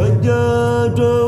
وجدوا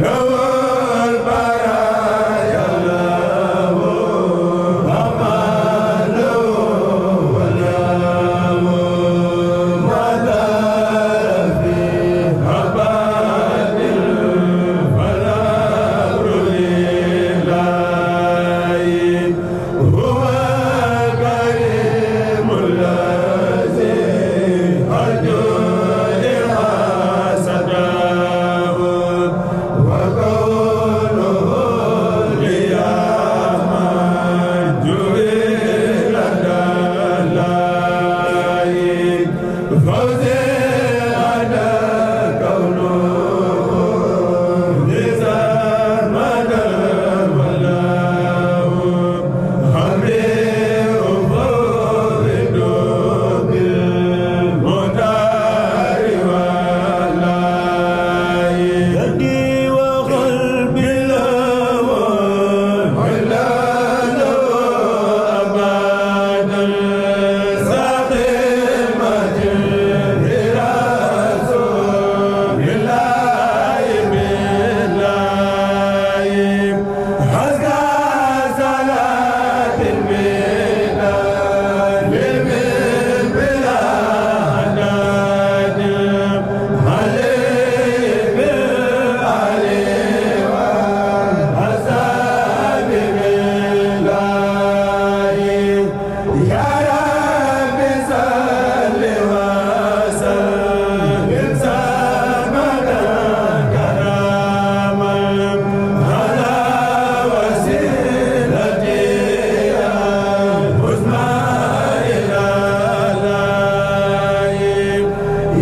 la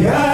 yaa